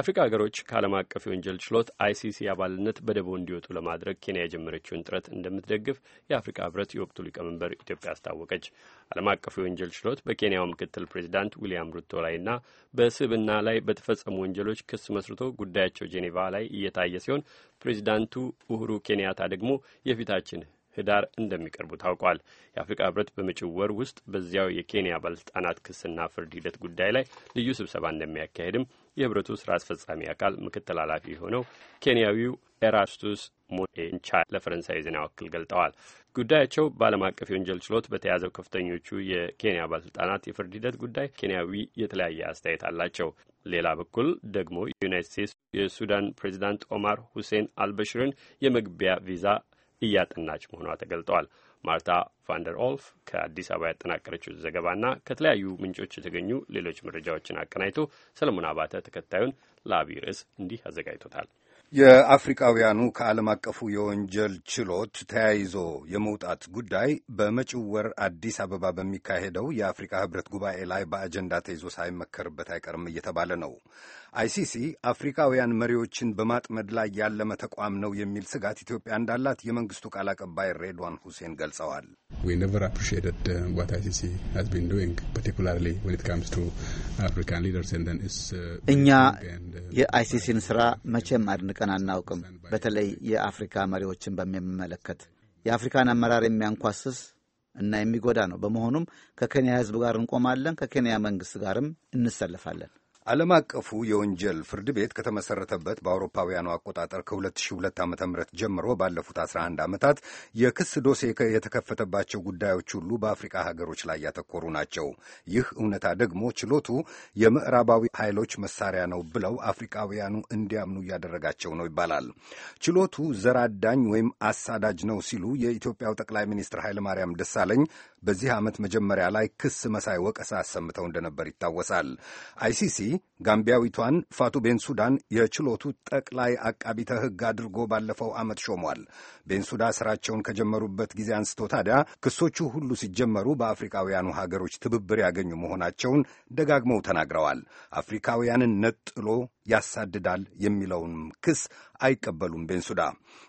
የአፍሪካ ሀገሮች ከዓለም አቀፍ የወንጀል ችሎት አይሲሲ አባልነት በደቦ እንዲወጡ ለማድረግ ኬንያ የጀመረችውን ጥረት እንደምትደግፍ የአፍሪካ ህብረት የወቅቱ ሊቀመንበር ኢትዮጵያ አስታወቀች። ዓለም አቀፍ የወንጀል ችሎት በኬንያው ምክትል ፕሬዚዳንት ዊልያም ሩቶ ላይና በስብና ላይ በተፈጸሙ ወንጀሎች ክስ መስርቶ ጉዳያቸው ጄኔቫ ላይ እየታየ ሲሆን ፕሬዚዳንቱ ኡሁሩ ኬንያታ ደግሞ የፊታችን ህዳር እንደሚቀርቡ ታውቋል። የአፍሪካ ህብረት በመጪው ወር ውስጥ በዚያው የኬንያ ባለስልጣናት ክስና ፍርድ ሂደት ጉዳይ ላይ ልዩ ስብሰባ እንደሚያካሄድም የህብረቱ ስራ አስፈጻሚ አካል ምክትል ኃላፊ የሆነው ኬንያዊው ኤራስቱስ ሞኤንቻ ለፈረንሳይ ዜና ወኪል ገልጠዋል። ጉዳያቸው በዓለም አቀፍ የወንጀል ችሎት በተያዘው ከፍተኞቹ የኬንያ ባለስልጣናት የፍርድ ሂደት ጉዳይ ኬንያዊ የተለያየ አስተያየት አላቸው። ሌላ በኩል ደግሞ የዩናይት ስቴትስ የሱዳን ፕሬዚዳንት ኦማር ሁሴን አልበሽርን የመግቢያ ቪዛ እያጠናች መሆኗ ተገልጠዋል። ማርታ ቫንደር ኦልፍ ከአዲስ አበባ ያጠናቀረችው ዘገባና ከተለያዩ ምንጮች የተገኙ ሌሎች መረጃዎችን አቀናጅቶ ሰለሞን አባተ ተከታዩን ለአብይ ርዕስ እንዲህ አዘጋጅቶታል። የአፍሪካውያኑ ከዓለም አቀፉ የወንጀል ችሎት ተያይዞ የመውጣት ጉዳይ በመጪው ወር አዲስ አበባ በሚካሄደው የአፍሪካ ሕብረት ጉባኤ ላይ በአጀንዳ ተይዞ ሳይመከርበት አይቀርም እየተባለ ነው። አይሲሲ አፍሪካውያን መሪዎችን በማጥመድ ላይ ያለመ ተቋም ነው የሚል ስጋት ኢትዮጵያ እንዳላት የመንግስቱ ቃል አቀባይ ሬድዋን ሁሴን ገልጸዋል። uh, uh, እኛ uh, የአይሲሲን ስራ መቼም አድንቀን አናውቅም። በተለይ የአፍሪካ መሪዎችን በሚመለከት የአፍሪካን አመራር የሚያንኳስስ እና የሚጎዳ ነው። በመሆኑም ከኬንያ ህዝብ ጋር እንቆማለን፣ ከኬንያ መንግስት ጋርም እንሰልፋለን። ዓለም አቀፉ የወንጀል ፍርድ ቤት ከተመሰረተበት በአውሮፓውያኑ አቆጣጠር ከ2002 ዓ ም ጀምሮ ባለፉት 11 ዓመታት የክስ ዶሴ የተከፈተባቸው ጉዳዮች ሁሉ በአፍሪካ ሀገሮች ላይ ያተኮሩ ናቸው። ይህ እውነታ ደግሞ ችሎቱ የምዕራባዊ ኃይሎች መሳሪያ ነው ብለው አፍሪካውያኑ እንዲያምኑ እያደረጋቸው ነው ይባላል። ችሎቱ ዘር አዳኝ ወይም አሳዳጅ ነው ሲሉ የኢትዮጵያው ጠቅላይ ሚኒስትር ኃይለማርያም ደሳለኝ በዚህ ዓመት መጀመሪያ ላይ ክስ መሳይ ወቀሳ አሰምተው እንደነበር ይታወሳል። አይሲሲ ጋምቢያዊቷን ፋቱ ቤንሱዳን የችሎቱ ጠቅላይ አቃቢተ ሕግ አድርጎ ባለፈው ዓመት ሾሟል። ቤንሱዳ ስራቸውን ከጀመሩበት ጊዜ አንስቶ ታዲያ ክሶቹ ሁሉ ሲጀመሩ በአፍሪካውያኑ ሀገሮች ትብብር ያገኙ መሆናቸውን ደጋግመው ተናግረዋል። አፍሪካውያንን ነጥሎ ያሳድዳል የሚለውንም ክስ አይቀበሉም። ቤንሱዳ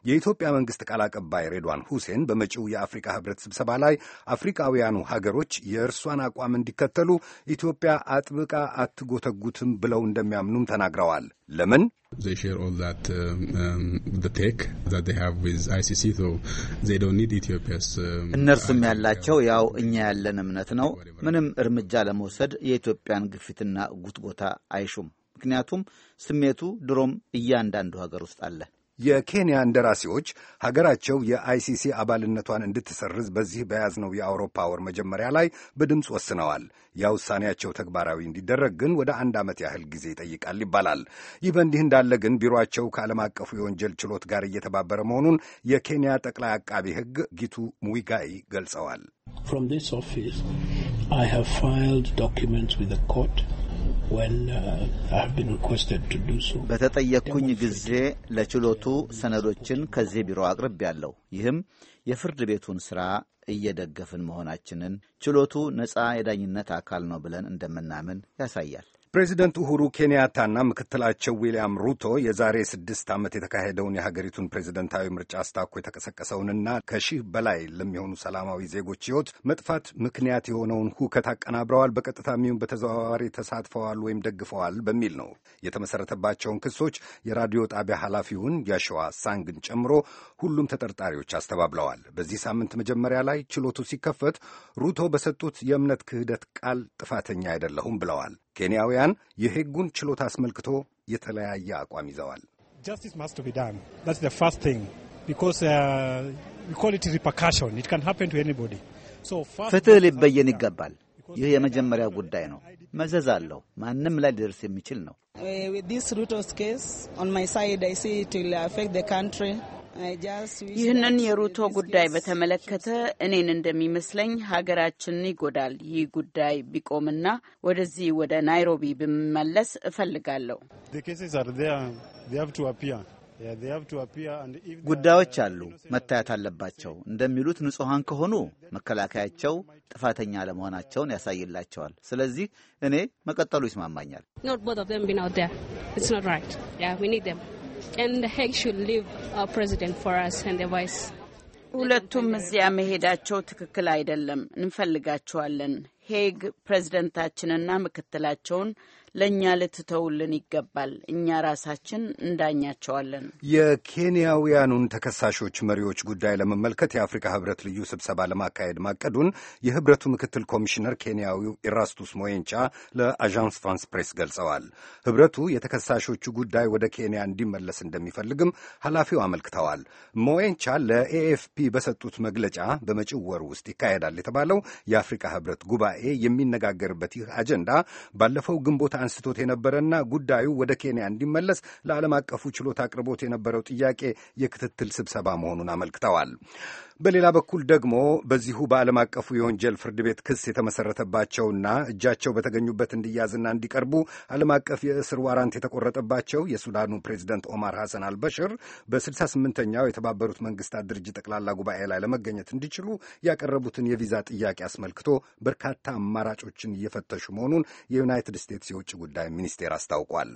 የኢትዮጵያ መንግሥት ቃል አቀባይ ሬድዋን ሁሴን በመጪው የአፍሪካ ህብረት ስብሰባ ላይ አፍሪካውያኑ ሀገሮች የእርሷን አቋም እንዲከተሉ ኢትዮጵያ አጥብቃ አትጎተጉትም ብለው እንደሚያምኑም ተናግረዋል። ለምን? Um, um, um, እነርሱም ያላቸው ያው እኛ ያለን እምነት ነው። ምንም እርምጃ ለመውሰድ የኢትዮጵያን ግፊትና ጉትጎታ አይሹም። ምክንያቱም ስሜቱ ድሮም እያንዳንዱ ሀገር ውስጥ አለ። የኬንያ እንደራሴዎች ሀገራቸው የአይሲሲ አባልነቷን እንድትሰርዝ በዚህ በያዝነው የአውሮፓ ወር መጀመሪያ ላይ በድምፅ ወስነዋል። ያ ውሳኔያቸው ተግባራዊ እንዲደረግ ግን ወደ አንድ ዓመት ያህል ጊዜ ይጠይቃል ይባላል። ይህ በእንዲህ እንዳለ ግን ቢሮአቸው ከዓለም አቀፉ የወንጀል ችሎት ጋር እየተባበረ መሆኑን የኬንያ ጠቅላይ አቃቢ ሕግ ጊቱ ሙዊጋይ ገልጸዋል። Uh, በተጠየቅኩኝ ጊዜ ለችሎቱ ሰነዶችን ከዚህ ቢሮ አቅርቤያለሁ። ይህም የፍርድ ቤቱን ሥራ እየደገፍን መሆናችንን ችሎቱ ነፃ የዳኝነት አካል ነው ብለን እንደምናምን ያሳያል። ፕሬዚደንት ኡሁሩ ኬንያታና ምክትላቸው ዊልያም ሩቶ የዛሬ ስድስት ዓመት የተካሄደውን የሀገሪቱን ፕሬዚደንታዊ ምርጫ አስታኮ የተቀሰቀሰውንና ከሺህ በላይ ለሚሆኑ ሰላማዊ ዜጎች ሕይወት መጥፋት ምክንያት የሆነውን ሁከት አቀናብረዋል፣ በቀጥታ የሚሆን በተዘዋዋሪ ተሳትፈዋል ወይም ደግፈዋል በሚል ነው የተመሰረተባቸውን ክሶች የራዲዮ ጣቢያ ኃላፊውን ያሸዋ ሳንግን ጨምሮ ሁሉም ተጠርጣሪዎች አስተባብለዋል። በዚህ ሳምንት መጀመሪያ ላይ ችሎቱ ሲከፈት ሩቶ በሰጡት የእምነት ክህደት ቃል ጥፋተኛ አይደለሁም ብለዋል። ኬንያውያን የህጉን ችሎት አስመልክቶ የተለያየ አቋም ይዘዋል። uh, ፍትህ ሊበየን ይገባል። ይህ የመጀመሪያ ጉዳይ ነው። መዘዝ አለው። ማንም ላይ ሊደርስ የሚችል ነው። uh, ይህንን የሩቶ ጉዳይ በተመለከተ እኔን እንደሚመስለኝ ሀገራችንን ይጎዳል። ይህ ጉዳይ ቢቆምና ወደዚህ ወደ ናይሮቢ ብመለስ እፈልጋለሁ። ጉዳዮች አሉ፣ መታየት አለባቸው። እንደሚሉት ንጹሐን ከሆኑ መከላከያቸው ጥፋተኛ ለመሆናቸውን ያሳይላቸዋል። ስለዚህ እኔ መቀጠሉ ይስማማኛል። and the Hague should leave our president for us and the vice. ሁለቱም እዚያ መሄዳቸው ትክክል አይደለም። እንፈልጋቸዋለን። ሄግ ፕሬዝደንታችንና ምክትላቸውን ለእኛ ልትተውልን ይገባል። እኛ ራሳችን እንዳኛቸዋለን። የኬንያውያኑን ተከሳሾች መሪዎች ጉዳይ ለመመልከት የአፍሪካ ህብረት ልዩ ስብሰባ ለማካሄድ ማቀዱን የህብረቱ ምክትል ኮሚሽነር ኬንያዊው ኢራስቱስ ሞየንቻ ለአዣንስ ፍራንስ ፕሬስ ገልጸዋል። ህብረቱ የተከሳሾቹ ጉዳይ ወደ ኬንያ እንዲመለስ እንደሚፈልግም ኃላፊው አመልክተዋል። ሞየንቻ ለኤኤፍፒ በሰጡት መግለጫ በመጪው ወር ውስጥ ይካሄዳል የተባለው የአፍሪካ ህብረት ጉባኤ የሚነጋገርበት ይህ አጀንዳ ባለፈው ግንቦት አንስቶት የነበረና ጉዳዩ ወደ ኬንያ እንዲመለስ ለዓለም አቀፉ ችሎት አቅርቦት የነበረው ጥያቄ የክትትል ስብሰባ መሆኑን አመልክተዋል። በሌላ በኩል ደግሞ በዚሁ በዓለም አቀፉ የወንጀል ፍርድ ቤት ክስ የተመሰረተባቸውና እጃቸው በተገኙበት እንዲያዝና እንዲቀርቡ ዓለም አቀፍ የእስር ዋራንት የተቆረጠባቸው የሱዳኑ ፕሬዚደንት ኦማር ሐሰን አልበሽር በ68ኛው የተባበሩት መንግስታት ድርጅት ጠቅላላ ጉባኤ ላይ ለመገኘት እንዲችሉ ያቀረቡትን የቪዛ ጥያቄ አስመልክቶ በርካታ አማራጮችን እየፈተሹ መሆኑን የዩናይትድ ስቴትስ የውጭ ጉዳይ ሚኒስቴር አስታውቋል።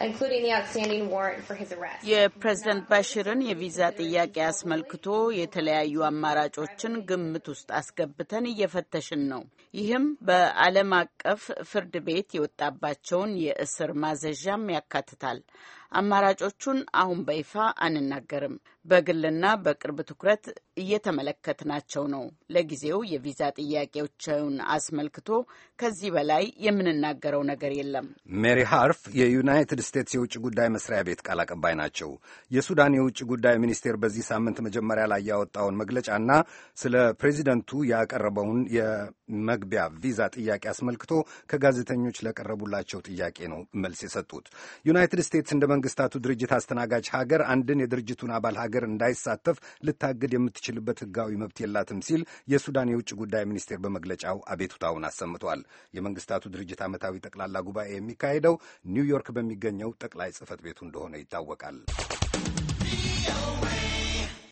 uh, including the outstanding የፕሬዝደንት ባሽርን የቪዛ ጥያቄ አስመልክቶ የተለያዩ አማራጮችን ግምት ውስጥ አስገብተን እየፈተሽን ነው። ይህም በዓለም አቀፍ ፍርድ ቤት የወጣባቸውን የእስር ማዘዣም ያካትታል። አማራጮቹን አሁን በይፋ አንናገርም። በግልና በቅርብ ትኩረት እየተመለከትናቸው ነው። ለጊዜው የቪዛ ጥያቄዎችን አስመልክቶ ከዚህ በላይ የምንናገረው ነገር የለም። ሜሪ ሃርፍ የዩናይትድ ስቴትስ የውጭ ጉዳይ መስሪያ ቤት ቃል አቀባይ ናቸው። የሱዳን የውጭ ጉዳይ ሚኒስቴር በዚህ ሳምንት መጀመሪያ ላይ ያወጣውን መግለጫና ስለ ፕሬዚደንቱ ያቀረበውን የመግቢያ ቪዛ ጥያቄ አስመልክቶ ከጋዜጠኞች ለቀረቡላቸው ጥያቄ ነው መልስ የሰጡት ዩናይትድ ስቴትስ እንደ የመንግስታቱ ድርጅት አስተናጋጅ ሀገር አንድን የድርጅቱን አባል ሀገር እንዳይሳተፍ ልታግድ የምትችልበት ህጋዊ መብት የላትም ሲል የሱዳን የውጭ ጉዳይ ሚኒስቴር በመግለጫው አቤቱታውን አሰምቷል። የመንግስታቱ ድርጅት ዓመታዊ ጠቅላላ ጉባኤ የሚካሄደው ኒውዮርክ በሚገኘው ጠቅላይ ጽህፈት ቤቱ እንደሆነ ይታወቃል።